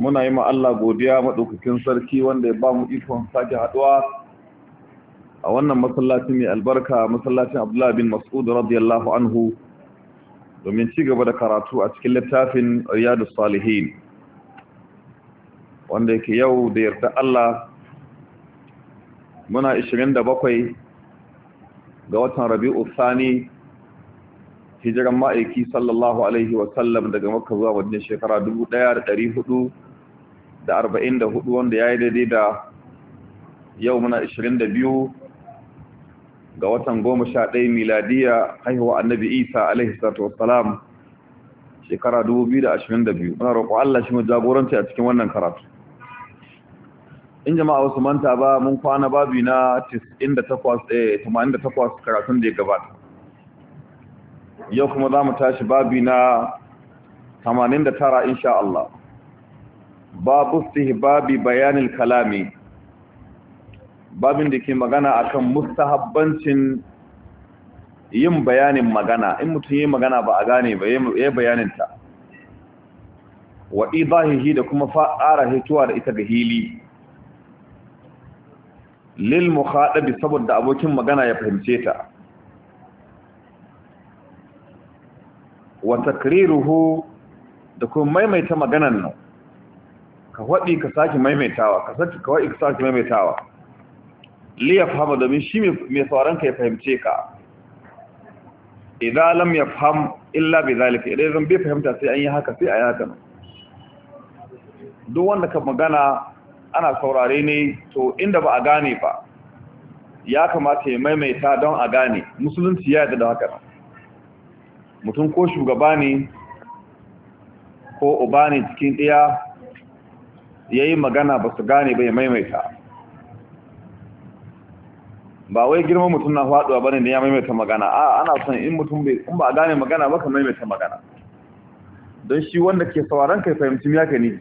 muna yi Allah godiya maɗaukakin sarki wanda ya ba mu ikon sake haɗuwa a wannan masallacin mai albarka masallacin abdullahi bin mas'ud radiyallahu anhu domin ci gaba da karatu a cikin littafin riyadu salihin wanda yake yau da yarda Allah muna 27 ga watan rabi'u sani hijiran ma'aiki sallallahu alaihi wasallam daga makka zuwa wajen shekara 1400 da arba'in da hudu wanda ya yi daidai da yau muna ishirin da biyu ga watan goma sha ɗaya miladiya haihuwa annabi isa alaihi salatu wassalam shekara dubu biyu da ashirin da biyu muna roƙo allah shi mu jagoranci a cikin wannan karatu in jama'a wasu manta ba mun kwana babi na eh, takwas karatun da ya gabata yau kuma za mu tashi babi na 89 insha Allah babu istihbabi bayanil kalami babin da ke magana akan mustahabbancin yin bayanin magana in mutum yi magana ba a gane ba ya bayaninta wa idahihi da kuma fa'ara hituwa da ita ga hili lil mukhadabi saboda abokin magana ya fahimce ta wa takriruhu da kuma maimaita maganan nan ka faɗi ka sake maimaitawa ka sake ka faɗi ka sake maimaitawa li fahama domin shi mai sauran ka ya fahimce ka idan lam faham illa bi zalika idan zan bai fahimta sai an yi haka sai a yi haka duk wanda ka magana ana saurare ne to inda ba a gane ba ya kamata ya maimaita don a gane musulunci ya yadda da haka mutum ko shugaba ne ko uba ne cikin ɗaya ya yi magana ba su gane ba ya maimaita ba wai girma mutum na faɗuwa ba ne ya maimaita magana a ana son in mutum bai kuma ba a gane magana ba ka maimaita magana don shi wanda ke sauran kai fahimci ya ka ne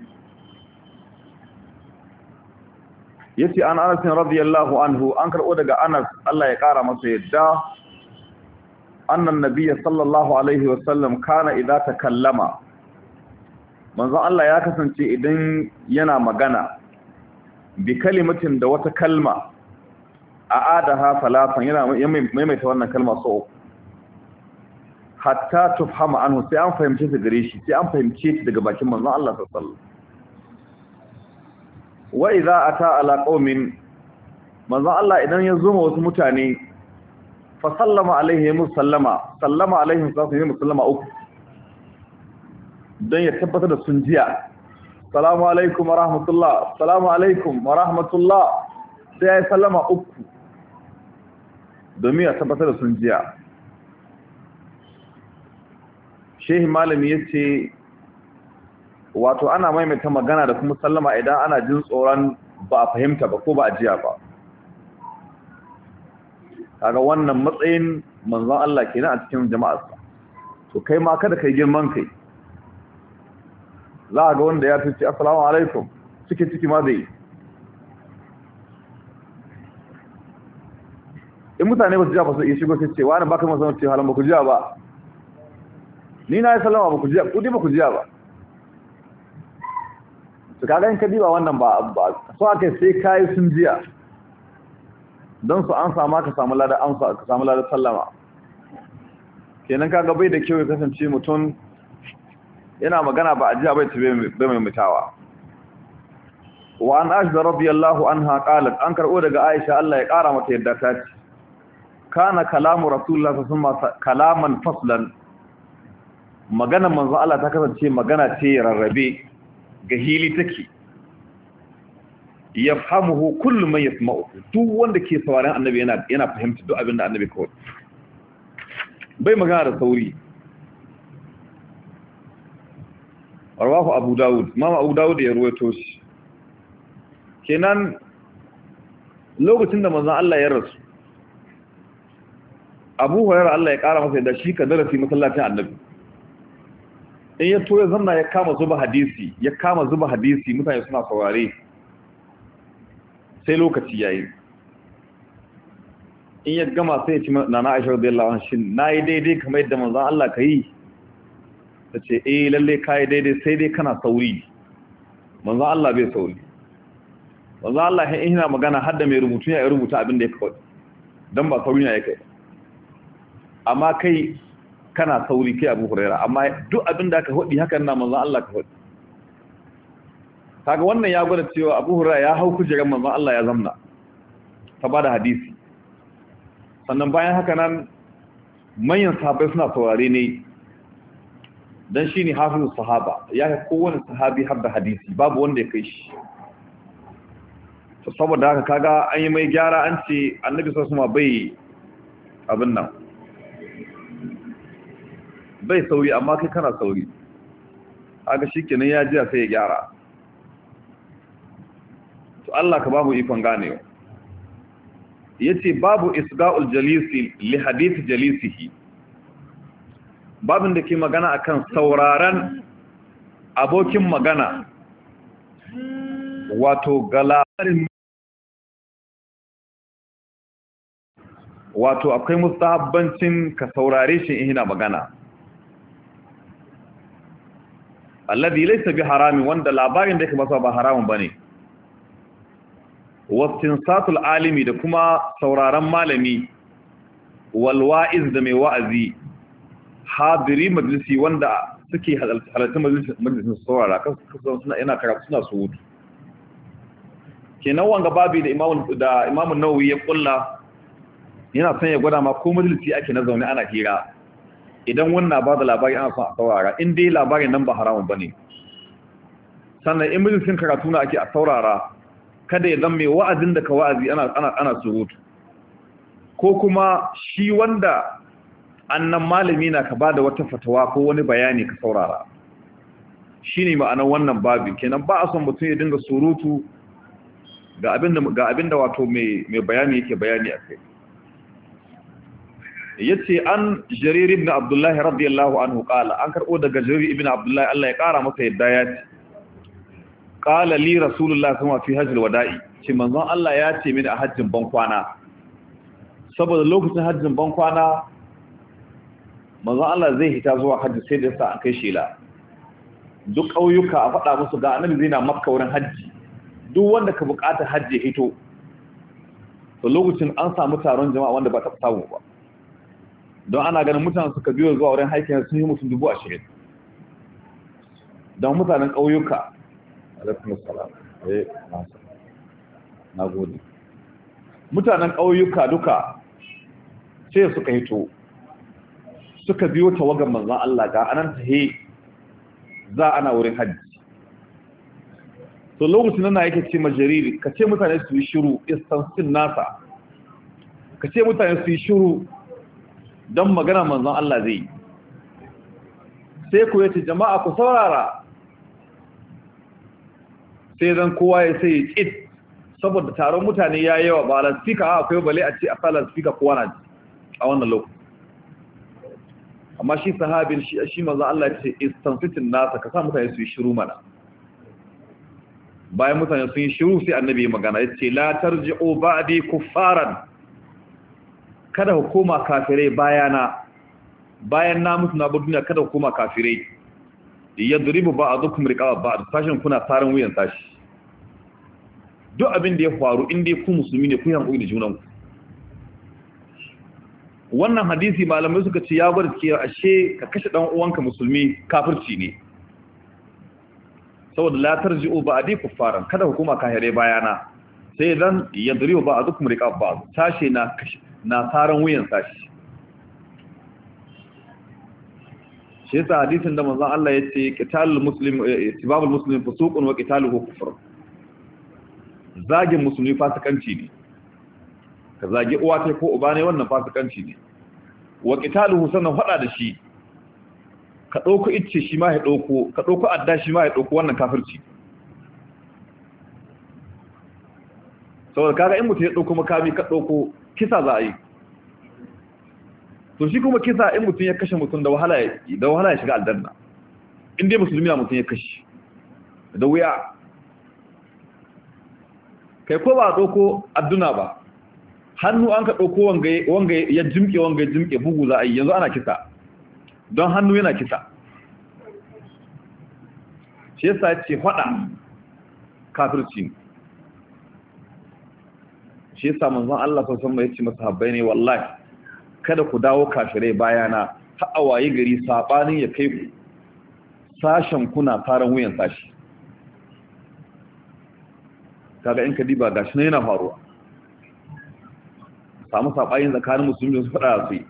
ya ce an anas radiyallahu anhu an karɓo daga anas Allah ya ƙara masa yadda annan nabiya sallallahu alaihi wasallam kana idata kallama. manzon Allah ya kasance idan yana magana bi kalimatin da wata kalma a adaha salatan yana maimaita wannan kalma so hatta tufhama anhu sai an fahimce su gare shi sai an fahimce shi daga bakin manzon Allah sallallahu wa idza ata ala qaumin manzon Allah idan ya zo wasu mutane fa sallama alaihim sallama sallama alaihim sallama uku don ya tabbatar da sun jiya salamu alaikum wa rahmatullah salamu alaikum wa rahmatullah sai ya yi salama uku domin ya tabbatar da sun jiya shehi malami ya ce wato ana maimaita magana da kuma sallama idan ana jin tsoron ba a fahimta ba ko ba a jiya ba kaga wannan matsayin manzon Allah nan a cikin jama'arsa to kai ma kada kai girman kai za a ga wanda ya tuci a alaikum ciki ciki ma zai in mutane ba su ja ba su iya shigo sai ce wani baka masu ce halin ba ku jiya ba ni na yi salama ba ku jiya kudi ba ku jiya ba su kaga yin kadi ba wannan ba ba ake aka sai kayi sun jiya don su an sama ka samu lada an samu lada sallama kenan kaga bai da kyau ya kasance mutum yana magana ba a ji bai ba bai mutawa wa an aisha radiyallahu anha qalat an karbo daga aisha Allah ya kara mata yadda ta ce kana kalamu rasulullah sallallahu sun kalaman faslan magana manzo Allah ta kasance magana ce rarrabe ga hili take yafhamuhu kullu man yasma'u duk wanda ke sauraron annabi yana yana fahimta duk abin da annabi kawai bai magana da sauri rawahu abu dawud mama abu dawud ya ruwaito shi kenan lokacin da manzon Allah ya rasu abu hurairah Allah ya kara masa da shi ka darasi masallacin annabi in ya to ya zanna ya kama zuba hadisi ya kama zuba hadisi mutane suna saurare sai lokaci yayi in ya gama sai ya ci nana Aisha radiyallahu anha shin nayi daidai kamar yadda manzon Allah ka yi. ta ce e lalle kayi daidai sai dai kana sauri manzo Allah bai sauri manzo Allah in ina magana hadda mai rubutu ya rubuta abin da ya kawai dan ba sauri ne ya kai amma kai kana sauri kai Abu Huraira amma duk abin da ka hodi hakan na manzo Allah ka hodi kaga wannan ya gwada cewa Abu Huraira ya hau kujerar manzo Allah ya zamna ta bada hadisi sannan bayan haka nan manyan sahabbai suna saurare ne dan ne hafizu sahaba ya yi kowane sahabi har da hadisi babu wanda ya kai shi ta saboda haka kaga an yi mai gyara an ce annabi sallallahu alaihi wasallam bai abin nan bai sauri amma kai kana sauri shi shikenan ya jira sai ya gyara to Allah ka babu ikon Ya yace babu isga'ul jalisi li hadith jalisihi babin da ke magana akan sauraren abokin magana wato ga labarin wato akwai mustahabbancin ka saurare shi in magana alladhi laysa bi harami, wanda labarin da yake masa ba haramun bane wastinsatul alimi da kuma sauraren malami wal wa'iz da mai wa'azi hadiri majalisi wanda suke majalisi majalisun saurara kan suna yana karatu suna suwutu kenan wanga babi da imamun da nawawi ya kulla yana son ya gwada ma ko majalisi ake na zaune ana hira idan wannan ba da labari ana son a saurara in dai labarin nan ba haramun bane sannan in majalisin karatu na ake a saurara kada ya zama mai wa'azin da ka wa'azi ana ana ana surutu ko kuma shi wanda annan malami na ka bada wata fatawa ko wani bayani ka saurara shine ma'anar wannan babin kenan ba a son mutum ya dinga surutu ga abinda ga da wato mai mai bayani yake bayani akai yace an jarir ibn abdullah radiyallahu anhu qala an karbo daga jarir ibn abdullah Allah ya kara masa yadda ya ce qala li rasulullah kuma fi hajjil wada'i ce manzon Allah ya ce mini a hajjin bankwana saboda lokacin hajjin ban kwana manzo Allah zai hita zuwa hajji sai da sa a kai shela duk ƙauyuka a faɗa musu ga annabi zai na makka wurin hajji duk wanda ka bukata hajji hito to lokacin an samu taron jama'a wanda ba ta samu ba don ana ganin mutane suka biyo zuwa wurin haikin sun yi musu dubu ashirin don mutanen ƙauyuka alaikun salam eh, na gode mutanen ƙauyuka duka ce suka hito suka biyo tawagan manzan Allah ga anan ta he za ana wurin hajji to lokacin nan yake ce majariri ka ce mutane su yi shiru istansin nasa ka ce mutane su yi shiru don magana manzan Allah zai sai ku yace jama'a ku saurara sai dan kowa ya sai ya ƙit saboda taron mutane ya yawa ba lasfika akwai bale a ce a sa lasfika kowa na a wannan lokacin amma shi sahabin shi shi manzo Allah ya ce istanfitin nasa ka sa mutane su yi shiru mana bayan mutane sun yi shiru sai annabi ya magana yace la tarji'u ba'di kuffaran kada ku koma kafirai bayana bayan na mutu na duniya kada ku koma kafirai yadribu ba'dukum ba, ba'd sashin kuna tarin wuyan tashi duk abin da ya faru in dai ku musulmi ne ku yi hankali da junanku wannan hadisi malamai suka ce ya bar ke ashe ka kashe dan uwanka musulmi kafirci ne saboda la tarji'u ba'di kuffaran kada hukuma ka hare bayana sai dan yadriu ba'dukum riqab ba'd tashi na na saran wuyan sashi shi ta hadisin da manzon Allah yace qitalul muslim eh, eh, tibabul muslim fusuqun wa qitaluhu kufr zagin musulmi fasikanci ne ka zagi uwa ta ko uba ne wannan fasikanci ne wa qitaluhu sanan fada da shi ka dauko icce shi ma ya dauko ka dauko adda shi ma ya dauko wannan kafirci saboda kaga in mutum ya dauko makami ka dauko kisa za a yi to shi kuma kisa in mutum ya kashe mutum da wahala da wahala ya shiga aljanna in dai musulmi na mutum ya kashe da wuya kai ko ba a dauko adduna ba hannu an ka ɗauko wanga ya jimke wanga ya jimke bugu za a yi yanzu ana kisa don hannu yana kisa shi yasa ce faɗa kafirci shi yasa manzon Allah sallallahu sama ya ce Habbai ne wallahi kada ku dawo kafirai bayana ta awaye gari sabanin ya kai ku sashen kuna faran wuyan sashi kaga in ka diba gashi ne yana faruwa samu saɓayin tsakanin musulmi su faɗa su yi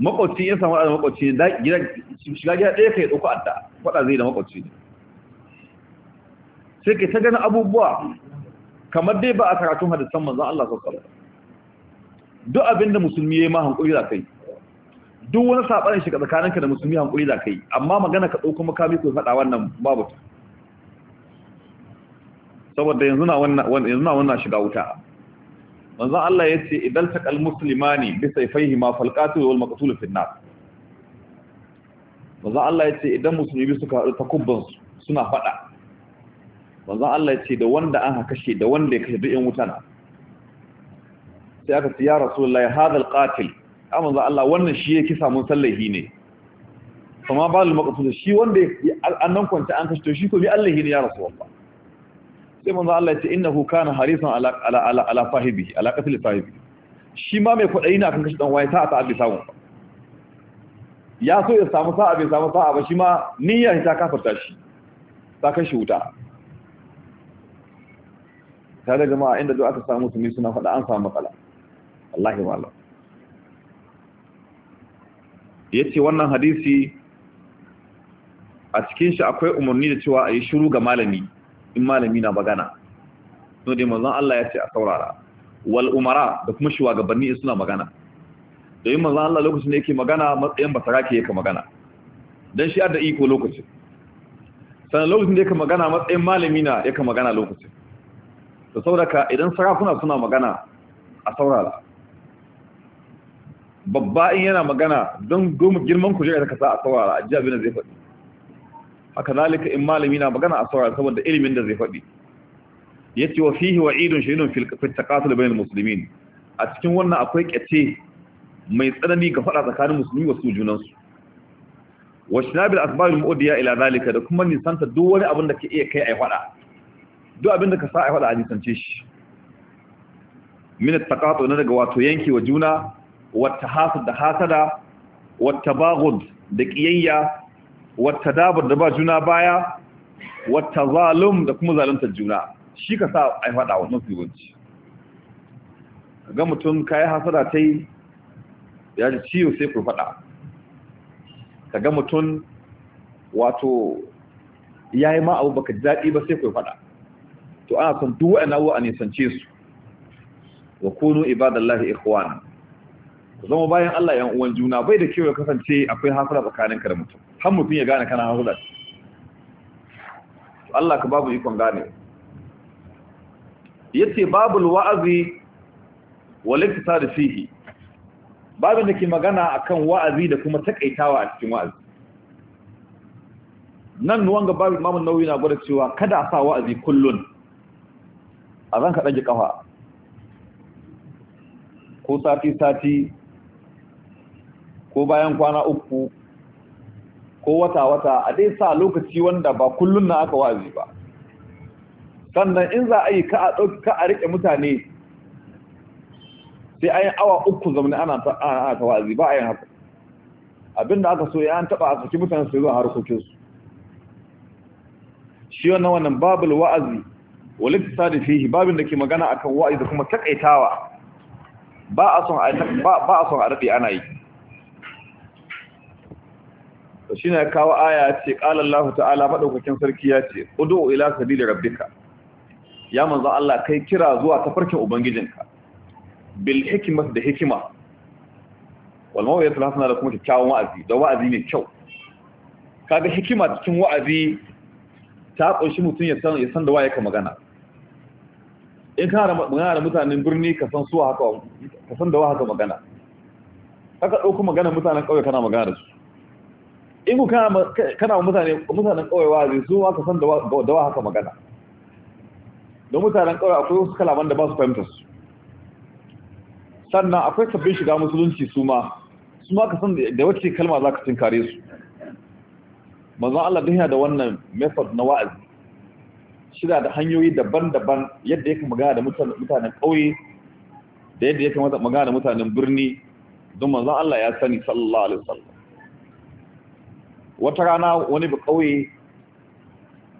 makwacin yin samu da makwacin shiga gida ɗaya ka yi ɗauka adda faɗa zai da makwacin sai ke ta gani abubuwa kamar dai ba a karatun hadisan manzan Allah sassala duk abin da musulmi ya yi ma hankuli za kai duk wani saɓanin shiga tsakaninka da musulmi hankuli za kai amma magana ka ɗauka makami ko faɗa wannan babu ta saboda yanzu na wannan shiga wuta manzon Allah yace idan taqal muslimani bi ma falqatu wal maqtul fi an-nar manzon Allah yace idan musulmi suka haɗu takubban suna fada manzon Allah yace da wanda an kashe da wanda ya kashe duk yan wutana sai aka ce ya rasulullahi hadha al-qatil amma manzon Allah wannan shi yake samun sallahi ne kuma ba al-maqtul shi wanda annan kwanta an kashe to shi ko bi Allah ne ya rasulullah sai manzo Allah ya ce innahu kana harisan ala ala ala fahibi ala qatl fahibi shi ma mai kudai ina kan kashi dan waye ta ta samu ya so ya samu sa'a bai samu sa'a ba shi ma niyya ta kafarta shi ta kashi wuta ta da jama'a inda duk aka samu ne suna faɗa an samu matsala wallahi wallahi yace wannan hadisi a cikin shi akwai umarni da cewa a yi shiru ga malami in malami na magana to dai manzon Allah ya ce a saurara wal umara da kuma shugabanni suna magana to yin manzon Allah lokacin da yake magana matsayin basarake yake magana dan shi adda iko lokacin sanan lokacin da yake magana matsayin malami na yake magana lokacin to sauraka idan sarakuna suna magana a saurara babba in yana magana don goma girman kujera ka kasa a saurara ajabi jiya zai faɗi haka zalika in malami na magana a saurara saboda ilimin da zai faɗi yace wa fihi wa'idun shadidun fil taqatul bainal muslimin a cikin wannan akwai kyace mai tsanani ga faɗa tsakanin musulmi wasu junansu wa shinabil asbab al-mu'diya ila zalika da kuma nisanta duk wani abin da ke iya kai ai faɗa duk abin da ka sa ai faɗa a nisance shi min at-taqatu na daga wato yanki wa juna wa tahasud da hasada wa tabaghud da kiyayya wata dabar da ba juna baya wata zalum da kuma zaluntar juna shi ka sa a yi faɗa wannan wanci ga mutum ka yi hasada ta yi ya ji ciwo sai ku faɗa ka ga mutum wato ya yi ma baka daɗi ba sai ku faɗa to ana son duwa wa'ina a nisance su wa kunu ibadallahi ikhwana ku zama bayan Allah yan uwan juna bai da kyau ya kasance akwai hasara tsakaninka da mutum har mutum ya gane kana hula Allah ka babu ikon gane yace babul wa'azi wal iktisad fihi babin da ke magana akan wa'azi da kuma takaitawa a cikin wa'azi nan wanga babin mamun nauyi na gwada cewa kada a sa wa'azi kullun a zan ka ɗage ƙafa ko sati-sati ko bayan kwana uku ko wata-wata a dai sa lokaci wanda ba kullum na aka wazi ba sannan in za a yi ka a riƙe mutane sai a yi awa uku zamani ana aka wazi ba a yin haka abinda aka so ya an taɓa a saki mutane su zuwa harkokinsu shi wannan wannan babul wa'azi walittisadi fihi babin da ke magana akan wa'azi da kuma takaitawa ba a son a rabe ana yi to shi ne kawo aya ce Allah ta'ala maɗaukakin sarki ya ce udu ila sabili rabbika ya manzo Allah kai kira zuwa tafarkin ubangijinka bil hikmat da hikima wal mawiyatul hasana da kuma kyakkyawan wa'azi da wa'azi ne kyau kaga hikima cikin wa'azi ta kunshi mutum ya san ya san da waye ka magana in kana magana da mutanen birni ka san su haka ka san da wa haka magana haka dauko magana mutanen kauye kana magana da su in ku kana wa mutane mutanen kawai wazi su aka ka san da wa haka magana don mutanen kawai akwai wasu kalaman da ba su fahimta su sannan akwai sabbin shiga musulunci su ma su ma ka san da wacce kalma za ka tinkare su manzon Allah duk da wannan method na wa'azi shida da hanyoyi daban-daban yadda yake magana da mutanen ƙauye da yadda yake magana da mutanen birni don manzon Allah ya sani sallallahu alaihi wasallam wata rana wani kauye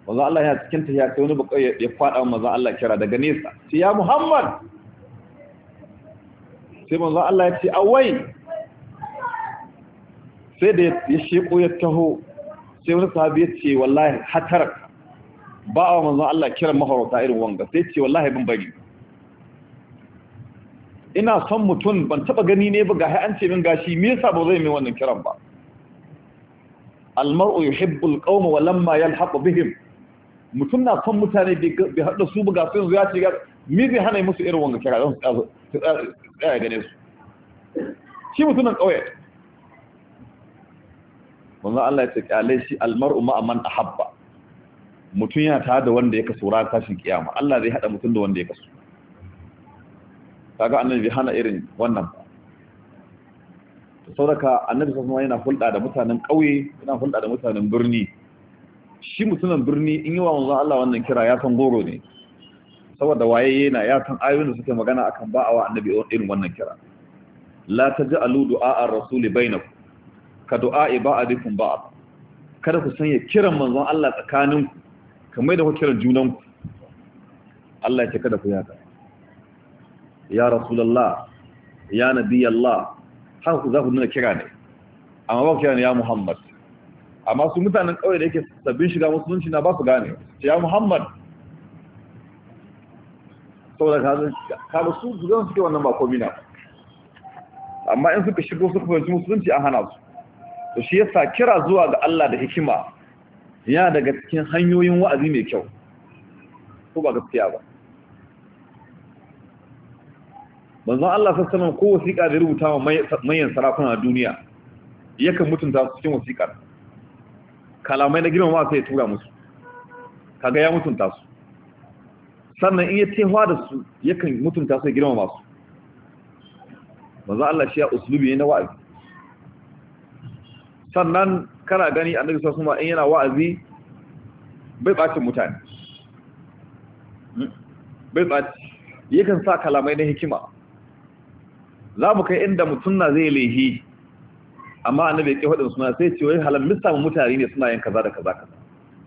manzo Allah ya cikin ta ya kai wani kauye ya fada manzo Allah kira daga nesa sai ya Muhammad sai manzo Allah ya ce awai sai da ya sheko ya taho sai wani sahabi ya ce wallahi hatar ba a manzo Allah kira mahorauta irin wanga sai ce wallahi bin bari ina son mutum ban taba gani ne ba gashi an ce min gashi me yasa ba zai min wannan kiran ba almar'u yuhibbu alqawm wa lamma yalhaqu bihim mutum na son mutane bai hada su buga sun ya ce mi zai hana musu irin wanga kira don su tsaya gane su shi mutum na kauye wanda Allah ya ce kyale shi almar'u ma man ahabba mutum yana tare da wanda ya kasu ran tashin kiyama Allah zai hada mutum da wanda ya kaso kaga annabi bai hana irin wannan sauraka annabi sassan yana hulɗa da mutanen ƙauye yana hulɗa da mutanen birni shi mutumin birni in yi wa manzan Allah wannan kira ya san goro ne saboda waye yana ya san ayoyin da suke magana akan ba a wa annabi irin wannan kira la taj'alu du'a bai na ku. ka du'a dukkan ba kada ku sanya kiran manzon Allah tsakaninku kamar da ku kiran junanku Allah ya ce kada ku yaka ya rasulullah ya nabiyallah haka ku za ku nuna kira ne amma ba ku kira ne ya muhammad amma su mutanen kawai da yake sabbin shiga musulunci na ba su gane ce ya muhammad saboda kaga su zan suke wannan ba komi na amma in suka shigo suka fahimci musulunci an hana su to shi yasa kira zuwa ga Allah da hikima yana daga cikin hanyoyin wa'azi mai kyau ko ba gaskiya ba manzon Allah sassanan ko wasiƙa da rubuta wa manyan sarakuna a duniya yakan mutunta su cikin wasiƙar kalamai na girmama sai ya tura musu kaga ya mutunta su sannan in ya tehwa da su yakan mutunta su ya girmama su manzon Allah shi ya usulubi ne na wa'azi sannan kana gani annabi sallallahu alaihi wasallam in yana wa'azi bai bacin mutane hmm? bai baci yakan sa kalamai na hikima za mu kai inda mutum na zai laihi amma annabi ya ke faɗin suna sai ce wai halar mista mutane ne suna yin kaza da kaza kaza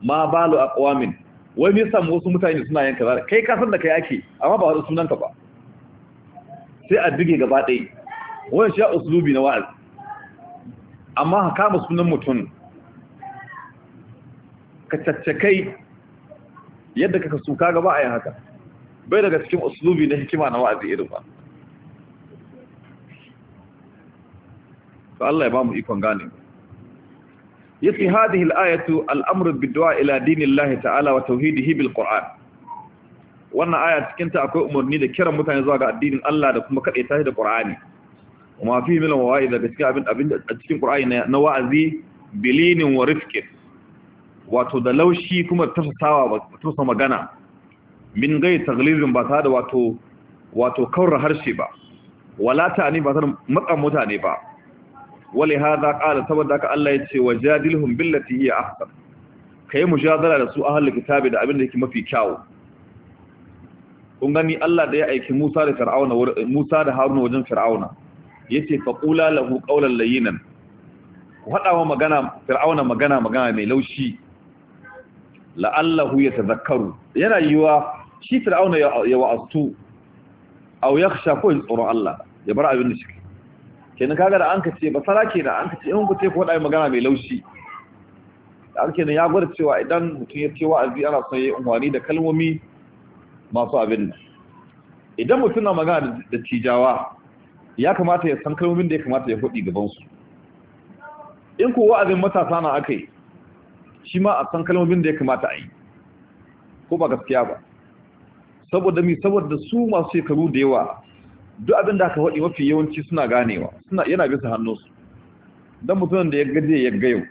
ma balu ƙwamin, wai me samu wasu mutane suna yin kaza kai ka san da kai ake amma ba wasu sunan ka ba sai a dige gaba ɗaya wani shi usulubi na wa'azi amma ka kama sunan mutum ka caccakai yadda ka suka gaba a yi haka bai daga cikin usulubi na hikima na wa'azi irin ba to Allah ya ba mu ikon gane yace hadihi al-ayatu al-amru bid-du'a ila dinillahi ta'ala wa tauhidihi bil-Qur'an wannan aya cikin ta akwai umarni da kiran mutane zuwa ga addinin Allah da kuma kade tashi da Qur'ani kuma fi min wa'iz da cikin abin abin da cikin Qur'ani na wa'azi bilinin wa wato da laushi kuma tafasawa ba tusa magana min gai taglizin ba ta da wato wato harshe ba wala ta ani ba tare matsan mutane ba wale haza ƙala saboda haka Allah ya ce wa jadilhum billati hiya ahsan kai mujadala da su ahlul kitabi da abin da yake mafi kyau. kun gani Allah da ya aiki Musa da Fir'auna Musa da Haruna wajen Fir'auna yace faqula lahu qawlan layyinan wadawa magana Fir'auna magana magana mai laushi la'allahu yatazakkaru yana yiwa shi Fir'auna ya wa'astu aw yakhsha ko tsoron Allah ya bar abin da shi kenan kaga da an ka ce basara kenan an ka ce in ku ce ko faɗa magana mai laushi da kenan ya gwada cewa idan mutum ya ce wa'azi ana son ya yi unwani da kalmomi masu abin nan idan mutum na magana da tijawa ya kamata ya san kalmomin da ya kamata ya faɗi gabansu in wa wa'azin matasa na akai shi ma a san kalmomin da ya kamata a yi ko ba gaskiya ba saboda mi saboda su masu shekaru da yawa duk abin da aka faɗi mafi yawanci suna ganewa suna yana bisa hannunsu don mutumin da ya gaje ya gayo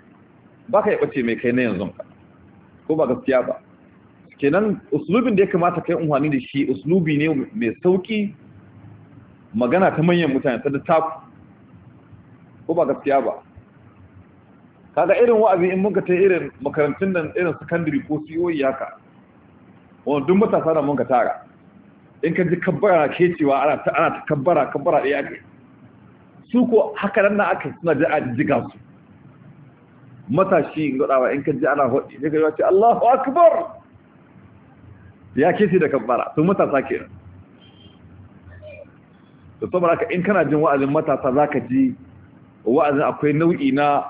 ba ka yi ɓace mai kai na yanzu ka ko ba gaskiya ba kenan uslubin da ya kamata kai unhani da shi uslubi ne mai sauki magana ta manyan mutane ta da taku ko ba gaskiya ba kaga irin wa'azi in muka ta irin makarantun nan irin secondary ko COE haka wannan duk matasa da muka tara in ka ji kabbara ke cewa ana ta kabbara kabbara ɗaya aka su ko haka nan na aka suna a jiga su matashi in gwadawa in ka ji ana hudu, ne ga wace ce Allahu akbar ya ke da kabbara sun matasa nan da saboda haka in kana jin wa'azin matasa za ka ji wa'azin akwai nau'i na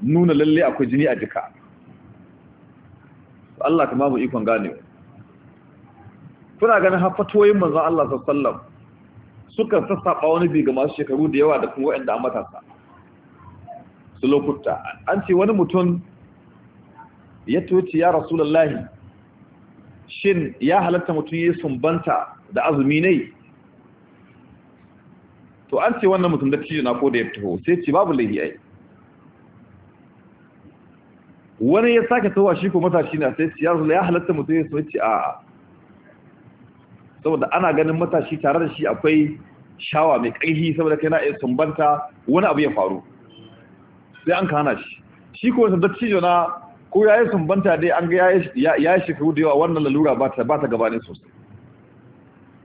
nuna lalle akwai jini a jika Allah ka mamu ikon ganewa suna ganin hafatoyin manzon Allah sallallahu suka sassaɓa wani bi ga masu shekaru da yawa da kuma waɗanda a matasa su lokuta an ce wani mutum ya tuci ya rasulullahi shin ya halatta mutum ya sumbanta da azumi ne to an ce wannan mutum da cijo na ko da ya taho sai ce babu lahi ai wani ya sake tawa shi ko matashi na sai ce ya halatta mutum ya sumbanta a saboda ana ganin matashi tare da shi akwai shawa mai ƙarfi saboda kai na iya sumbanta wani abu ya faru sai an kana shi shi ko wani dattijo na ko ya yi sumbanta dai an ga ya yi shekaru da yawa wannan lalura ba ta gabanin sosai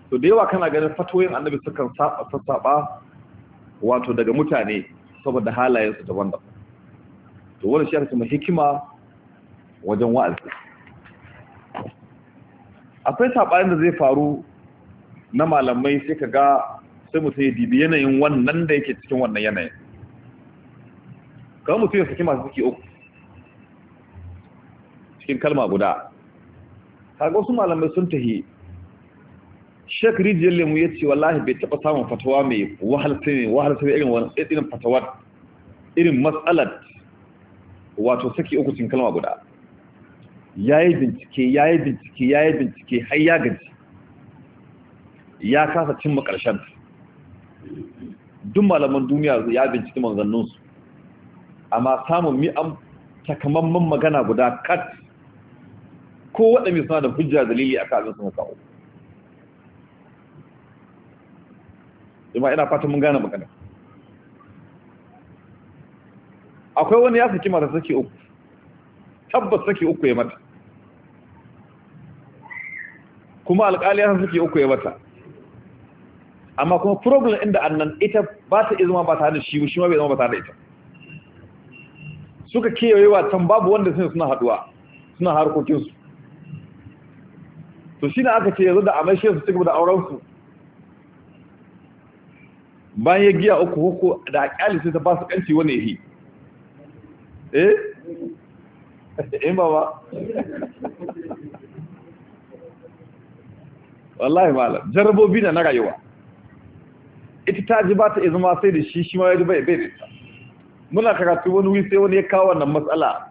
to da yawa kana ganin fatoyin annabi sukan sassaɓa wato daga mutane saboda halayensu daban-daban to wani shi aka hikima wajen wa'azi akwai saɓanin da zai faru na malamai sai ka ga sai mutum ya dibi yanayin wannan da yake cikin wannan yanayin kawai mutum ya saki masu suke uku cikin kalma guda kaga wasu malamai sun tahi shek rijiyar lemu ya ce wallahi bai taɓa samun fatawa mai wahalsa ne irin wani irin fatawar irin matsalar wato saki uku cikin kalma guda ya yi bincike ya yi bincike ya yi bincike har ya gaji ya kasa cimma ƙarshen duk malaman duniya ya bincike manzanninsu amma samun mi an takamamman magana guda kat ko waɗanda suna da hujja dalili aka abin suna kawo ima ina fata mun gane magana akwai wani ya saki mata saki uku tabbas saki uku ya mata kuma alƙali ya suke uku ya bata amma kuma problem inda annan ita ba ta izuma ba ta da shi shi ma bai zama ba ta da ita suka kewaye wa can babu wanda sun suna haduwa suna harkokinsu to shi na aka ce yanzu da amai shi su cigaba da aurensu bayan ya giya uku uku da akyali sai ta ba su kanci wani yi eh in ba ba wallahi malam jarabobi na na rayuwa ita ta ji ba ta izuma sai da shi shi ma ya ji bai bai da muna karatu wani wuri sai wani ya kawo wannan matsala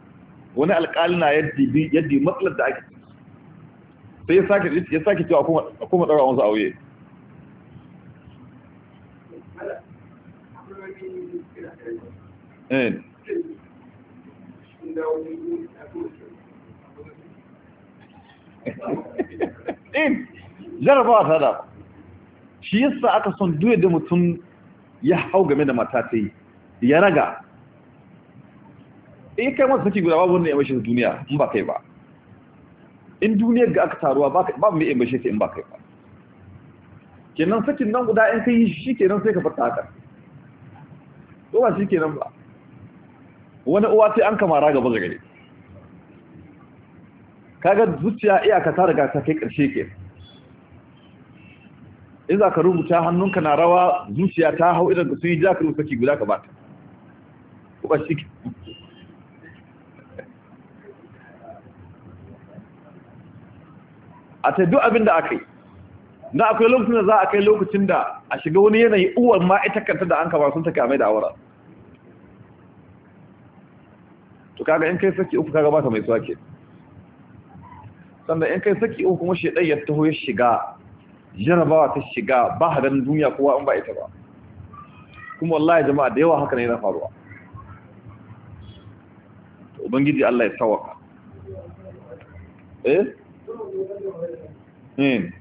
wani alƙali na yaddi matsalar da ake sai ya sake cewa a kuma tsara wanzu auye eh. in jarabawa ta da shi yasa aka son duwe da mutum ya hau game da mata ta yi ya raga in kai masu saki guda babu wanda ya mashi duniya in ba kai ba in duniyar ga aka taruwa babu mai yambashe ta in ba kai ba kenan sakin nan guda in kai shi kenan sai ka fata haka to ba shi kenan ba wani uwa sai an kamara gaba ga gare kaga zuciya iyaka ta riga ta kai karshe kenan in za ka rubuta hannunka na rawa zuciya ta hau idan ka sun yi jaka rubuta ki guda ka bata kuma shi a ta duk abin da aka yi na akwai lokacin da za a kai lokacin da a shiga wani yanayi uwar ma ita kanta da an kama sun take mai da awara to kaga in kai saki uku kaga bata mai ke sannan in kai saki uku kuma shi ya taho ya shiga jarabawa ta shiga ba hadan duniya kowa in ba ita ba kuma wallahi jama'a da yawa haka ne na faruwa ubangiji Allah ya sawaka eh eh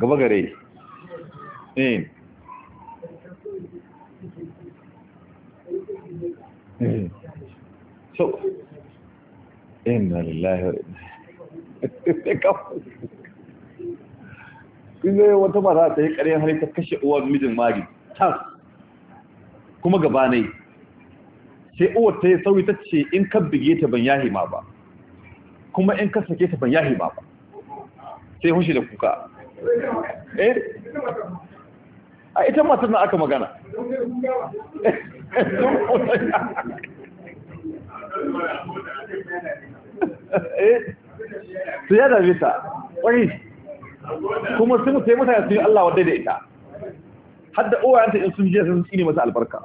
gaba gare eh so inna lillahi wa inna in zai wata mata ta yi ƙaryar hali ta kashe uwar mijin mari tas kuma gaba ne sai uwar ta yi sauyi ta ce in ka bige ta ban yahi ma ba kuma in ka sake ta ban yahi ma ba sai hushi da kuka eh a ita matar na aka magana eh su ya dame ta ƙwari kuma sun sai mutane ya yi Allah wadda da ita har da uwayenta in sun je sun tsini masa albarka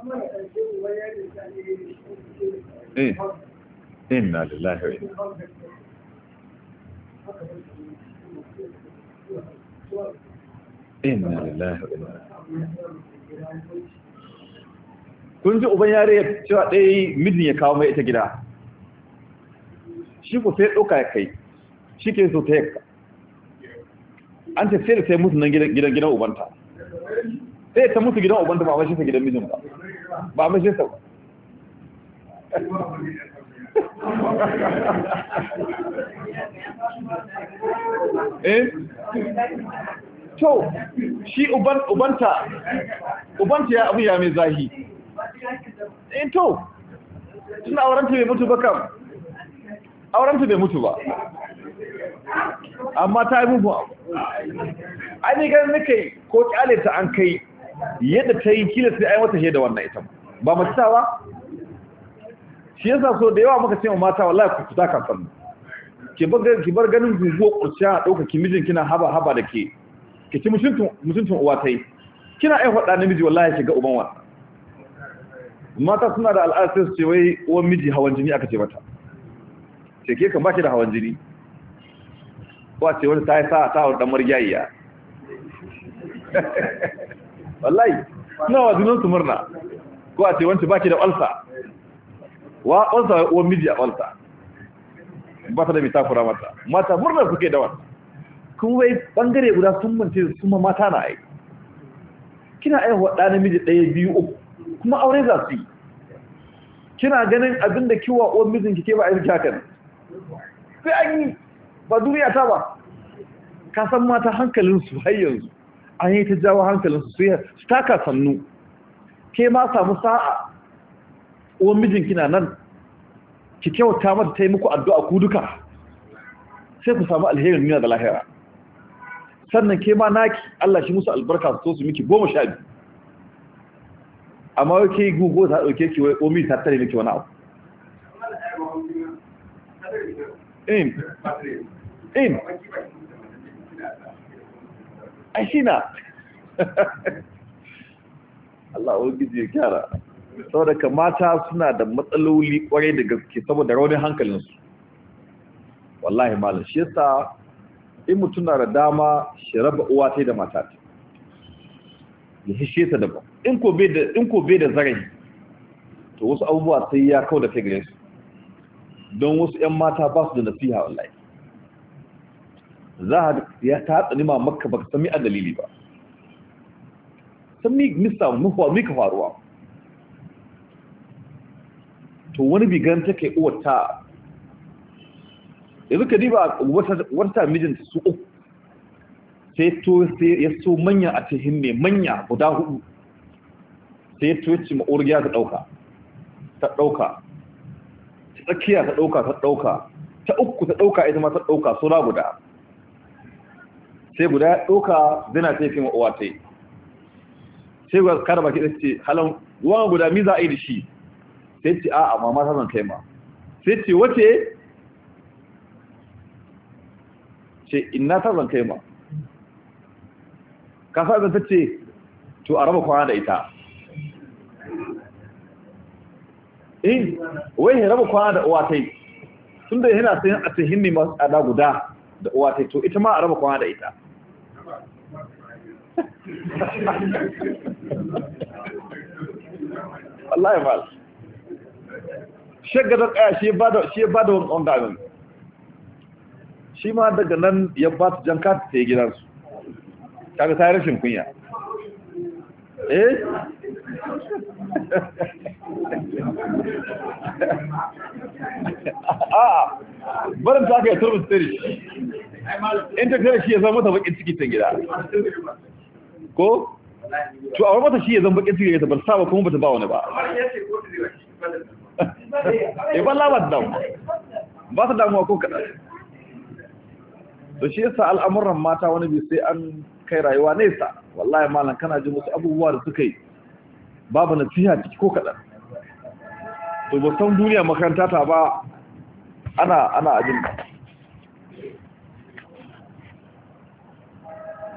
eh, inna lillahi wa inna lillahi wa kun ji uban yare cewa ɗaya mijin ya kawo mai ita gida shi ku sai ɗauka ya kai shi ke so ta yakka an ta sai da sai musu nan gidan gidan ubanta sai ta musu gidan ubanta ba a shi sa gidan mijin ba ba a shi sa ba eh to shi ubanta ubanta ya abu ya mai zahi eh to suna aurenta bai mutu ba kam aurenta bai mutu ba amma ta yi mugun abu an yi ganin nake ko kyale ta an kai yadda ta yi kila sai ai mata shaida wannan ita ba mace ta ba shi yasa so da yawa muka ce wa mata wallahi ku fita kan sannu ki bar ki bar ganin guguwa kurciya a dauka ki mijin kina haba haba da ke ki ci mutuntun mutuntun uwa tai kina ai hoda namiji wallahi shiga uban wa mata suna da al'ada su ce wai uwan miji hawan jini aka ce mata ke ke kan baki da hawan jini kwace wani ta yi sa ta wa damar yayiya wallahi suna wa junan su murna kwace wancan baki da ƙwalsa wa ƙwalsa wa miji a ƙwalsa ba ta da mita takura mata mata murna suke da wani. kun wai bangare guda sun mance su ma mata na aiki kina aihuwa ɗa miji ɗaya biyu uku kuma aure za su yi kina ganin abin da kiwa uwan mijinki ke ba a yi sai an yi ba duniya ba ka san mata hankalinsu har yanzu an yi ta jawo hankalinsu su yi ka sannu ke ma samu sa'a uwan mijinki na nan ki kyauta mata ta yi muku addu'a ku duka sai ku samu alherin nuna da lahira sannan ke ma naki Allah shi musu albarka su su miki goma sha biyu amma ke gugu ta ɗauke ki wai omi ta tare miki wani abu eh. in a shi na Allah wangiji ya kyara saboda ka mata suna da matsaloli kwarai da gaske saboda raunin hankalinsu wallahi malam shi yasa in mutum na da dama shi raba uwa ta da mata ta ya hishe ta daban in ko bai da in ko bai da zarai to wasu abubuwa sai ya kawo da kai gare su don wasu ƴan mata ba su da nasiha wallahi za a ya ta tsanima maka baka sami a dalili ba sami mista muhuwa mika faruwa to wani bigan ta uwar ta ya zuka diba wata mijinta su uku sai to ya so manya a cikin ne manya guda hudu sai ya toci ma'urgiya ta dauka ta dauka ta tsakiya ta dauka ta dauka ta uku ta dauka ita ma ta dauka sura guda sai guda ɗauka zina sai fi ma'uwa ta yi sai guda kada baki da ce halin ruwan guda mi za a yi da shi sai ce a a mama zan kai ma sai ce wace ce ina zan kai ma kasa zan ta ce to a raba kwana da ita in eh, wai ya raba kwana da uwa ta yi tun da yana sayan a cikin ne masu tsada guda da uwa ta to ita ma a raba kwana da ita Allah ya fal shagga da kaya shi ba da shi ba da wannan ongamin shi ma daga nan ya ba su jan kati ta yi gidansu kaga ta yi rashin kunya eh ah barin ta aka yi turbin tsiri in shi ya zama ta bakin ciki ta gida ko to a wata shi ya zan bakin tuyo ya tabar sa ba kuma bata ba wani ba eh ba la ba da ba ta damuwa ko kada to shi yasa al'amuran mata wani bi sai an kai rayuwa nesa wallahi malam kana ji musu abubuwa da suka yi babu nasiha ciki ko kaɗan to ba san duniya makaranta ta ba ana ana abin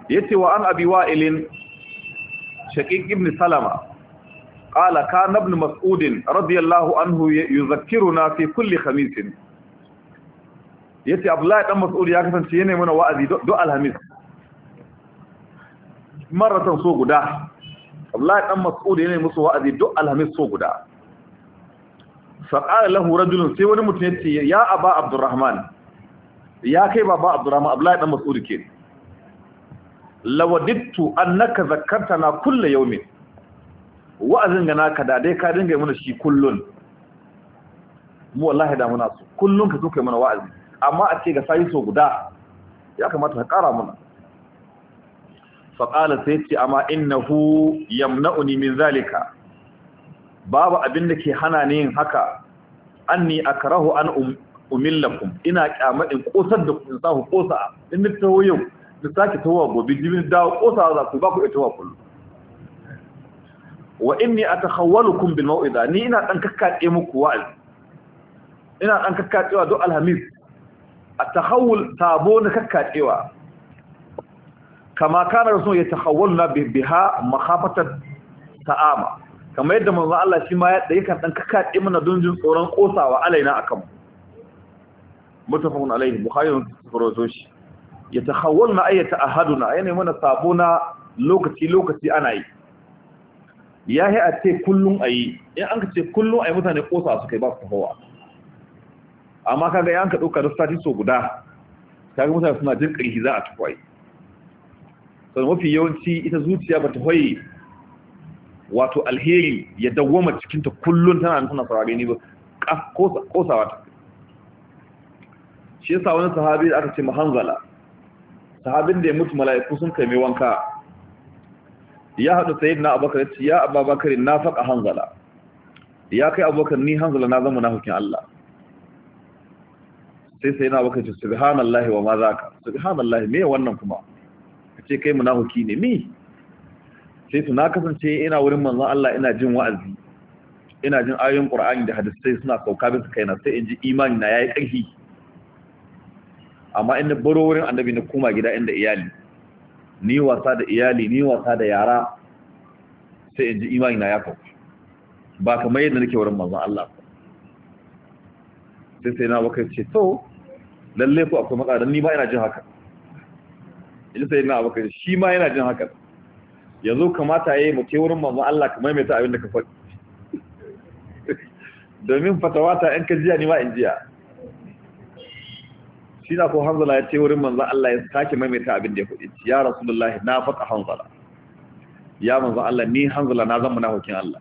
yace wa an abi wa'ilin shaqiq ibn salama qala kana ibn mas'ud radiyallahu anhu yuzakkiruna fi kulli khamis yace abdullahi dan mas'ud ya kasance yana mana wa'azi do alhamis maratan so guda abdullahi dan mas'ud yana musu wa'azi do alhamis so guda faqala lahu rajulun sai wani mutum yace ya aba abdurrahman ya kai baba abdurrahman abdullahi dan mas'ud kenan lawadittu annaka zakkartana kullu yawmin wa'azin ga naka da dai ka dinga mana shi kullun mu wallahi da muna so kullun ka zo kai mana wa'azi amma a ce ga sai so guda ya kamata ka kara mana. fa qala sai ce amma innahu yamna'uni min zalika babu abin da ke hana ni yin haka anni akrahu an um-, umillakum ina kyamadin in kosar da ku in sa ku kosa in ni yau da sake tawa gobe jibin dawo kosa za ku ba ku ita tawa kullu wa inni a ta atakhawwalukum bil mau'iza ni ina ɗan kakkade muku wa'azi ina ɗan kakkadewa do alhamis a ta tahawul tabo na kakkadewa kama kana rasul ya ta tahawwalna biha makhafatan ta'ama Kama yadda manzo Allah shi ma ya da yakan dan kakkaɗe mana don jin tsoron ƙosawa alaina akan mutafaqun alaihi bukhari rawaito shi ya ta hawon na ayyata a haduna yana mana sabo na lokaci-lokaci ana yi ya yi a ce kullum a yi in an ka ce kullum a yi mutane kosa su kai ba su hawa amma kaga ya an ka ɗauka da sati so guda kaga mutane suna jin ƙarfi za a tukwai sau mafi yawanci ita zuciya ba ta hoyi wato alheri ya dawoma cikinta kullum tana tana saurare ni ba kosawa ta shi yasa wani sahabi da aka ce mahanzala sahabin da ya mutu mala'iku sun kai mai wanka ya haɗu sayid na abokan ci ya abubakar na faƙa hanzala ya kai abokan ni hanzala na zama na hukin Allah sai sai na su ce subhanallahi wa ma za ka subhanallahi me wannan kuma ka ce kai munahuki ne mi sai su na kasance ina wurin manzon Allah ina jin wa'azi ina jin ayoyin Qur'ani da hadisai suna sauka bisa kaina sai in ji imani na ya yi ƙarfi amma inda baro wurin annabi na koma gida inda iyali ni wasa da iyali ni wasa da yara sai in ji imani na ya faku ba kamar yadda nake wurin manzon Allah sai sai na bakar ce to lalle ku akwai matsala ni ba ina jin haka in sai na bakar shi ma yana jin haka yanzu kamata yayi mu ke wurin manzon Allah kamar mai ta abin da ka faɗi domin fatawa ta in ka jiya ni ma in jiya shi na ko hanzala ya ce wurin manzan Allah ya sake maimaita abin da ya kuɗi ya rasulullah na faɗa hanzala ya manzan Allah ni hanzala na zama na hukin Allah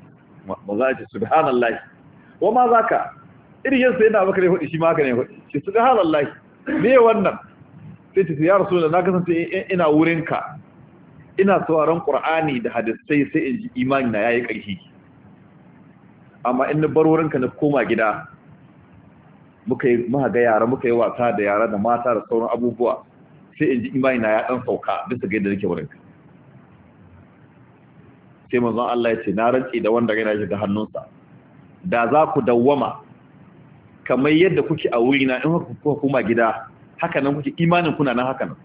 manzan ya ce subhanallah wa ma za ka irin yin sai na bakar ya kuɗi shi ma haka ne kuɗi ce subhanallah me wannan sai ce ya rasulullah na kasance ina wurinka ina sauraron qur'ani da hadisai sai in ji imani na yayi ƙarfi amma in na bar wurinka na koma gida muka yi muka ga yara muka yi wasa da yara da mata da sauran abubuwa sai in ji imani na ya dan sauka bisa ga yadda nake wurin ka sai manzon Allah ya ce na rantsi da wanda yana shiga hannunsa da za ku dawwama kamar yadda kuke a wurina in kuka kuma gida haka nan kuke imanin kuna nan haka nan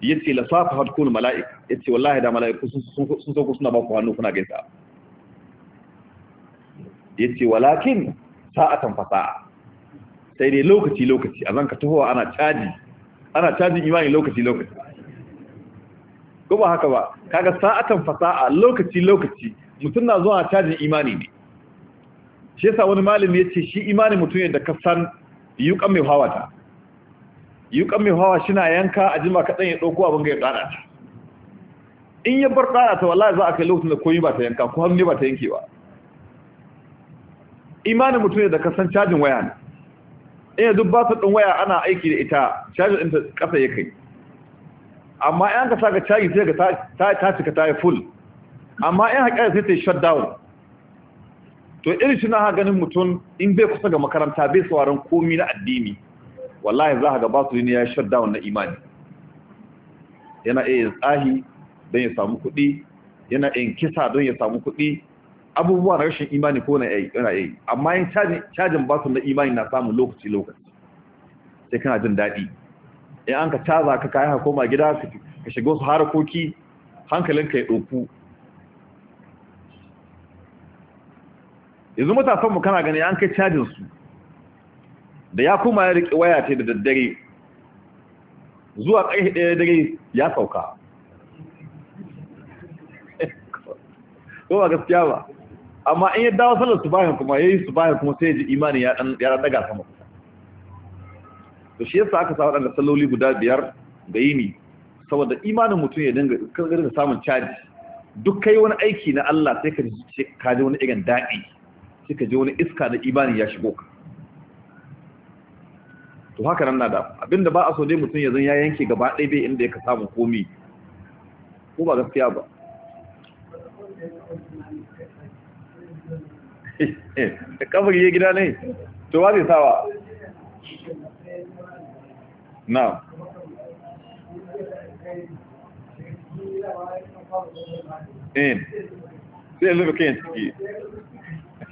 yace la safa kun malaik yace wallahi da malaiku sun sun so suna ba ku hannu kuna gaisa yace walakin sa'atan fasa'a sai dai lokaci lokaci a zanka tuhowa ana caji ana cajin imani lokaci lokaci ko ba haka ba kaga sa'atan fasa'a lokaci lokaci mutum na zuwa cajin imani ne shi yasa wani malami ya ce shi imani mutum yadda ka san yukan mai hawa ta yukan mai hawa shi na yanka a jima kaɗan ya ɗauko abin ga ya ɗana ta in ya bar ɗana ta wallahi za a kai lokacin da koyi ba ta yanka ko hannu ba ta yanke ba imanin mutum yadda ka san cajin waya ne ina duk ba su ɗin waya ana aiki da ita ɗin ɗinta ƙasa ya kai amma in ka saka charge sai ka ta cika ta yi full amma in haƙa sai ta yi shut down to irin shi na ha ganin mutum in bai kusa ga makaranta bai sauraron komi na addini wallahi za ka ga ba su ne ya shut down na imani yana iya yin tsahi don ya samu kuɗi yana iya kisa don ya samu kuɗi abubuwa na rashin imani ko na yana yi amma yin cajin basu na imani na samun lokaci lokaci sai kana jin daɗi in an ka caza ka kayan koma gida ka shiga su harakoki hankalinka ya ɗauku yanzu matasanmu kana gani an kai su. da ya koma ya riƙe waya ce da daddare zuwa ƙarfe ɗaya dare ya sauka ko ba gaskiya ba amma in ya dawo sallar subahin kuma yayi subahin kuma sai ya ji imani ya dan daga sama to shi yasa aka sa waɗanda saloli guda biyar ga yini saboda imanin mutum ya dinga kan da samun caji duk kai wani aiki na Allah sai ka ji wani igan daɗi sai ka ji wani iska na imani ya shigo ka to haka nan na da abinda ba a so dai mutum ya zan ya yanke gaba ɗaya bai inda ya ka samu komi ko ba gaskiya ba kabari yi gida ne to ba zai sawa na in sai yanzu kai yin ciki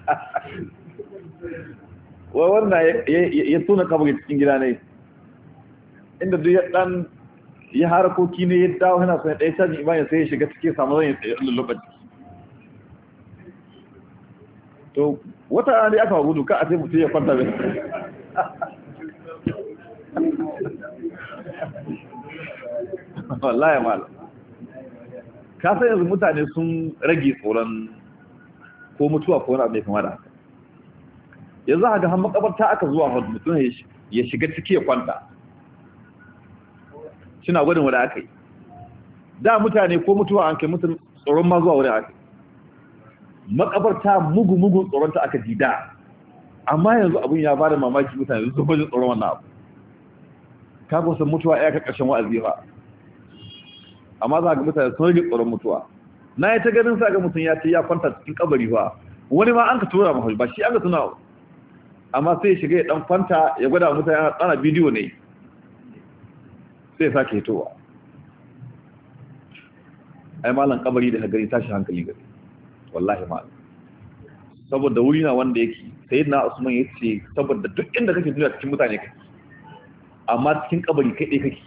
wa wannan ya tuna yi cikin gida ne inda duk ya dan ya harakoki ne ya dawo yana son ya ɗaya cajin imanin sai ya shiga cikin samun zan yi tsaye lulluɓa to wata rana dai aka gudu ka a sai mutum ya kwanta mai wallahi malam ka san yanzu mutane sun rage tsoron ko mutuwa ko wani abu mai kama da haka yanzu haka har makabarta aka zuwa mutum ya shiga ciki ya kwanta suna gwadin wadda aka yi da mutane ko mutuwa an kai mutum tsoron ma zuwa wadda aka yi makabarta mugu mugun tsoronta aka ji da amma yanzu abun ya bada mamaki mutane su kwanci tsoron wannan abu ka kusan mutuwa ya ka ƙarshen wa'azi ba amma za ga mutane sun rage tsoron mutuwa na yi ta ganin sa ga mutum ya ce ya kwanta cikin kabari ba wani ma an ka tura mahaifi ba shi an ka tuna amma sai ya shiga ya dan kwanta ya gwada mutane ana tsara bidiyo ne sai ya sake hitowa ai malam kabari da gari tashi hankali gari wallahi ma saboda wuri na wanda yake na usman yace saboda duk inda kake duniya cikin mutane kake amma cikin kabari kai dai kake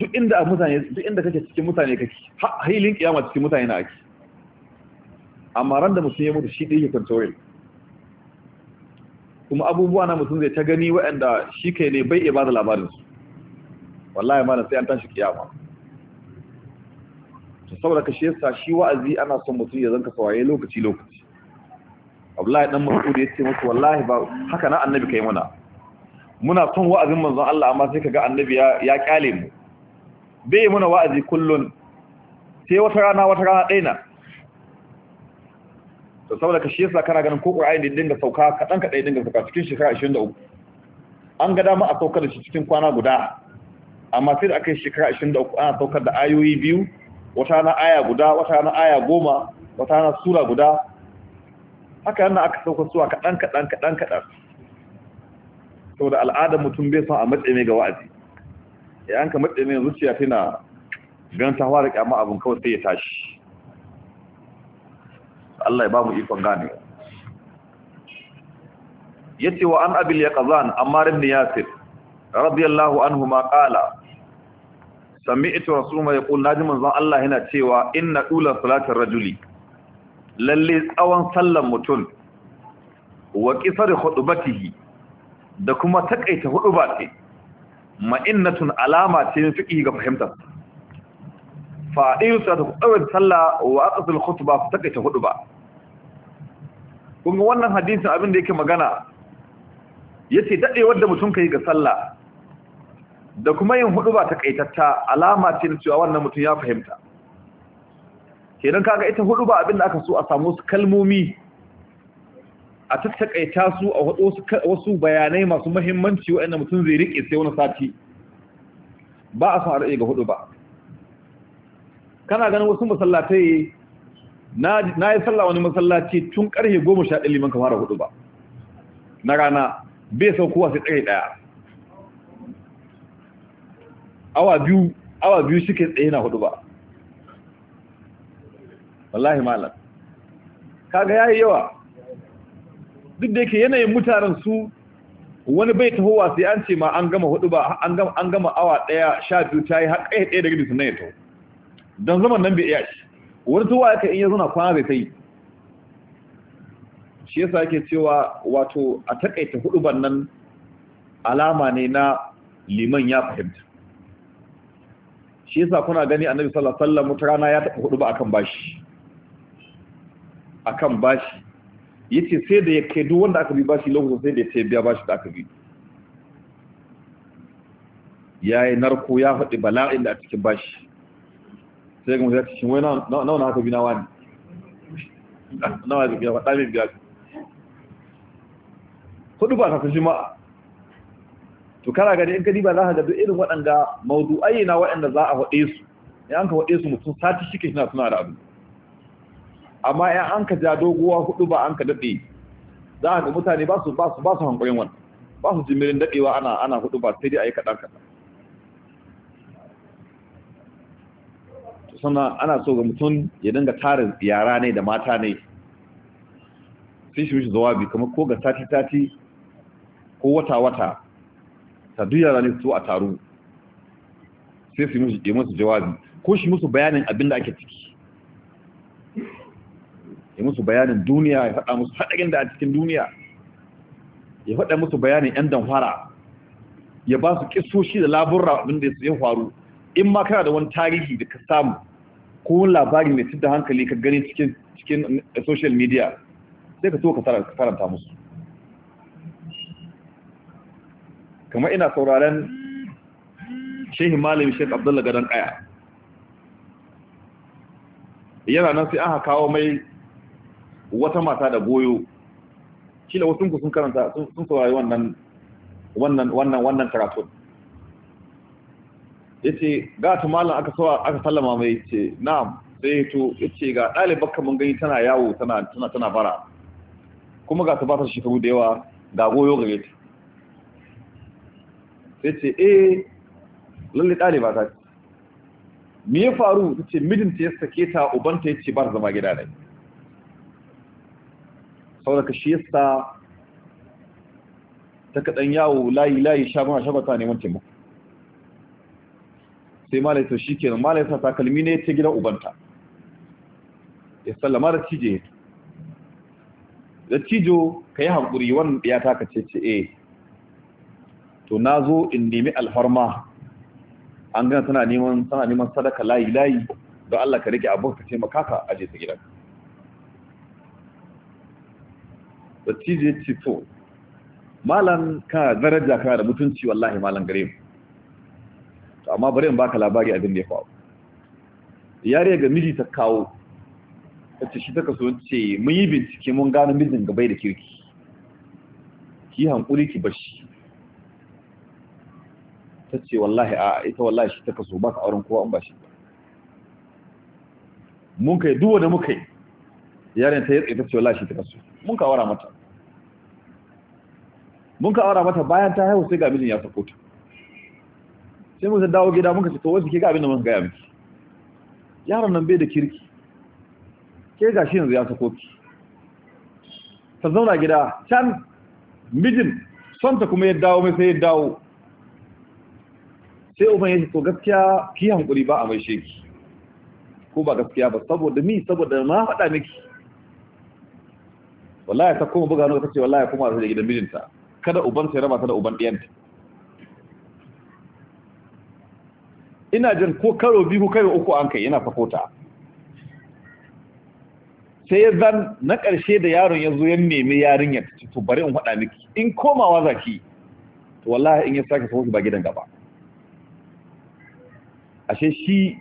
duk inda mutane duk inda kake cikin mutane kake hailin kiyama cikin mutane na ake amma ran da mutum ya mutu shi dai ya control kuma abubuwa na mutum zai ta gani waɗanda shi kai ne bai iya ba da su. wallahi ma sai an tashi kiyama to saboda ka shesa shi wa'azi ana son mutum ya zanka sawaye lokaci lokaci Abdullahi dan da ya ce musu wallahi ba haka na annabi kai muna muna son wa'azin manzon Allah amma sai kaga annabi ya ya kyale mu bai muna wa'azi kullun sai wata rana wata rana ɗaya na to saboda ka shesa kana ganin ko Qur'ani da dinga sauka kadan kaɗai dinga sauka cikin shekara 23 an ga dama a saukar da shi cikin kwana guda amma sai da aka yi shekara 23 ana saukar da ayoyi biyu wata na aya guda wata na aya goma wata na sura guda haka yana aka sauka suwa kaɗan kaɗan kaɗan kaɗan da al'adar mutum bai son a matse mai ga wa'azi ya an ka matse mai zuciya tana ganin ta fara kyamu abin kawai sai ya tashi Allah ya ba mu ikon gane Ya ce wa an abil yaqzan ammar ibn yasir radiyallahu anhu ma qala sami'tu ya yaqul naji manzon Allah yana cewa inna qula salatar rajuli lalle tsawon sallan mutum wa ƙisar hudubatihi da kuma takaita huduba ce ma'innatun alama ce fiƙi ga fahimtar su ta qawil salla wa aqsul su taƙaita huduba kun wannan hadisin abin da yake magana Ya ce daɗe wanda mutum ka yi ga sallah da kuma yin hudu ba takaitatta alama ce na cewa wannan mutum ya fahimta kenan kaga ita hudu ba abinda aka so a samu su kalmomi a tattakaita su a wasu bayanai masu mahimmanci wa'anda mutum zai rike sai wani sati ba a son a ga hudu ba kana ganin wasu masallatai na yi sallah wani masallaci tun karfe goma sha ɗin liman kamar hudu ba na rana bai kowa sai tsaye ɗaya awa biyu awa biyu shi ke tsaye na hudu ba wallahi malam kaga yayi yawa duk da yake yanayin mutanen su wani bai wa sai an ce ma an gama hudu ba an gama an gama awa daya sha biyu tayi har kai ɗaya da gidan sunan ya taho dan zaman nan bai iya shi wani tahowa yake in ya zuna kwana bai kai shi yasa yake cewa wato a takaita hudu ban nan alama ne na liman ya fahimta shi yasa kuna gani annabi sallallahu alaihi wasallam wata rana ya taɓa hudu ba akan bashi akan bashi yace sai da yake duk wanda aka bi bashi lokacin sai da ya biya bashi da aka bi yayi narko ya faɗi bala'in da a cikin bashi sai ga mutum shi wai nawa na aka bi na wani nawa ga biya faɗa min biya hudu ba kafin ma. to kana gani in gani ba za ka ga duk irin waɗanda mawdu'ai na waɗanda za a haɗe su in an ka haɗe su mutum sati shike suna suna da abu amma in an ka ja doguwa hudu ba an ka daɗe za ka ga mutane ba su ba su ba su hankulin wani ba su jimirin daɗewa ana ana hudu ba sai dai a yi kaɗan kaɗan sannan ana so ga mutum ya dinga tara yara ne da mata ne sai shi mishi zawabi kamar ko ga sati-sati ko wata-wata ta duk yara su a taro, sai su yi musu jawabi ko shi musu bayanin abin da ake ciki ya musu bayanin duniya ya faɗa musu haɗarin da a cikin duniya ya faɗa musu bayanin 'yan damfara ya ba su kisoshi da laburra abin da ya faru in ma kana da wani tarihi da ka samu ko wani labari mai da hankali ka gani cikin social media sai ka so ka karanta musu kamar ina sauraren shehin malami shek abdullahi gadon kaya yana nan sai aka kawo mai wata mata da goyo shi da wasu sun karanta sun saurari wannan wannan wannan wannan karatun yace ga ta malam aka sawa aka sallama mai ce na'am sai to yace ga ɗalibakka mun gani tana yawo tana tana tana bara kuma ga ta ba ta shekaru da yawa ga goyo gare ta sai ce eh lalle ɗaliba ta ce me ya faru ta ce mijinta ya sake ta ubanta ya ce ba zama gida ne sauraka shi yasa ta kaɗan yawo layi layi sha ma sha ta neman taimako sai malai to shi kenan malai sa takalmi ne ta gidan ubanta ya sallama da cije da cijo ka yi hankuri wannan ɗaya ta ka ce ce eh to na zo in nemi alfarma an gina tana neman tana neman sadaka layi layi don Allah ka rike abin ka ce makaka ka aje ta gidan da cije ce to malam ka daraja ka da mutunci wallahi malam gare mu to amma bari in baka labari abin da ya faru yare ga miji ta kawo ce shi taka so ce mun yi bincike mun gano mijin gabai da kirki ki hankuri ki bashi ta ce wallahi a ita wallahi shi ta kaso ba ka auren kowa an ba shi mun kai duwa da muka yi yaren ta yatsa tace ce wallahi shi ta kaso mun ka awara mata mun ka aura mata bayan ta haihu sai ga mijin ya sako ta sai mun dawo gida ka ce to wasu ke ga abin da muka gaya miki yaron nan bai da kirki ke ga shi yanzu ya sako ki ta zauna gida can mijin son ta kuma ya dawo mai sai ya dawo sai uban yace to gaskiya ki hankuri ba a mai sheki ko ba gaskiya ba saboda mi saboda na faɗa miki wallahi ta kuma buga hannu ta ce wallahi kuma ta gidan mijinta kada uban sai raba ta da uban ɗiyanta ina jin ko karo biyu karo uku an kai yana fakota sai ya zan na ƙarshe da yaron ya zo ya nemi yarinyar to bari in faɗa miki in komawa zaki to wallahi in ya sake sauki ba gidan gaba ashe shi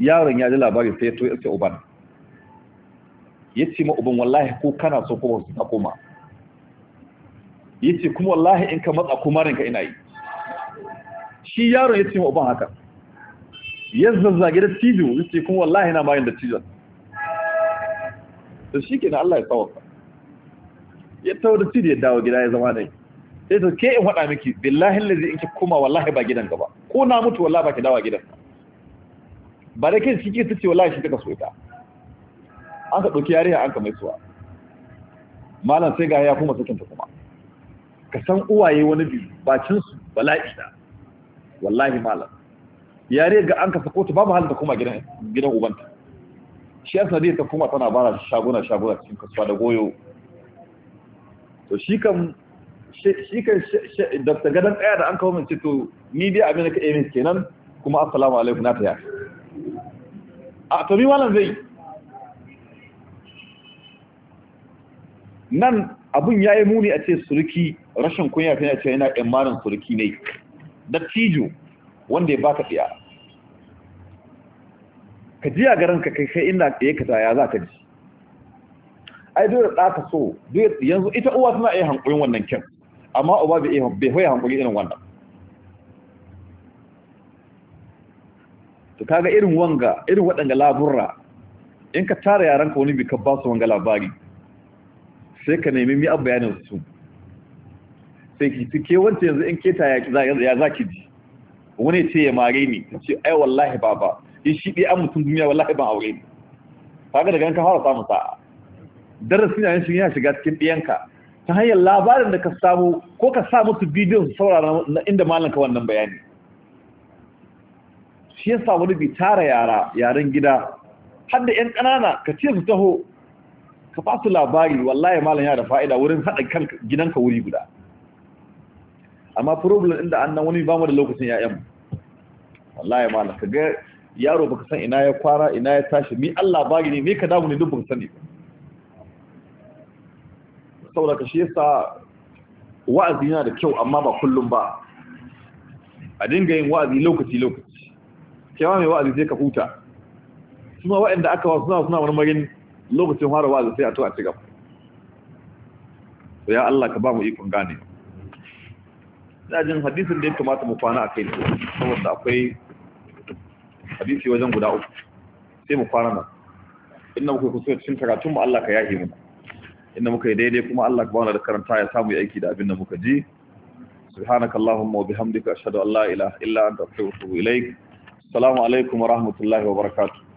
yaron ya ji labarin sai ya toye yace uban ya ce ma uban wallahi ko kana so kuma su ta koma ya ce kuma wallahi in ka matsa kuma ranka ina yi shi yaron ya ce ma uban haka ya zazzage da cizo ya ce kuma wallahi na mayan da cizon to shi ke na Allah ya tsawaka ya tsawo da cizo ya dawo gida ya zama dai sai to ke in faɗa miki billahi lalzi in ki koma wallahi ba gidan gaba ko na mutu wallahi ba ki dawa gidan ba da kai suke ta ce wallahi shi take so ita an ka dauki yarinya an ka mai suwa malam sai ga ya kuma sakin ta kuma ka san uwaye wani bi bacin su bala'i da wallahi malam yare ga an ka sako ta babu halin ta kuma gidan gidan ubanta shi yasa dai ta kuma tana bara shaguna shaguna cikin kasuwa da goyo to shi kan shi kan da gadan kaya da an kawo min ce to ni dai abin da ka yi kenan kuma assalamu alaikum na ta yafi a tobi malam zai nan abun ya yi muni a ce surki rashin kunya kan a ce yana imanin surki ne dattijo wanda ya baka tsaya ka ji a garin ka kai kai inda ya ka ya za ka ji ai dole da ka so yanzu ita uwa tana iya hankulin wannan kyan amma uba bai iya hankulin irin wannan to kaga irin wanga irin waɗanga laburra in ka tara yaran ka wani bi ka ba su wanga labari sai ka nemi mi abu bayanin su sai ki ci ke wance yanzu in keta ya za ki ji wani ce ya mare ni ta ce ai wallahi baba in shi ɗaya an mutum duniya wallahi ban aure ni kaga daga nan ka fara samun sa'a darasi na yin ya shiga cikin ɗiyanka ta hanyar labarin da ka samu ko ka sa musu bidiyon saurara na inda malanka wannan bayani shi sa wani bi tara yara yaren gida har da 'yan ƙanana ka ce su taho ka ba su labari wallaye malam ya da fa'ida wurin haɗa gidanka wuri guda amma problem inda nan wani ba mu da lokacin ya'yan wallaye malam ka ga yaro baka san ina ya kwara ina ya tashi mi Allah labari ne me ka damu ne duk baka sani saboda ka shi wa'azi yana da kyau amma ba kullum ba a dinga yin wa'azi lokaci lokaci kyawa mai wa'azi sai ka huta su ma waɗanda aka wasu suna suna marmarin lokacin fara wa'azi sai a to a ci gaba ya Allah ka ba mu ikon gane na jin hadisin da ya kamata mu kwana a kai ne saboda akwai hadisi wajen guda uku sai mu kwana nan inda muka kusa cikin karatun mu Allah ka yahi mu inda muka yi daidai kuma Allah ka ba da karanta ya samu aiki da abin da muka ji سبحانك اللهم وبحمدك أشهد أن لا إله إلا أنت أستغفرك وإليك Salamu alaikum wa rahmatullahi wa barakatuh.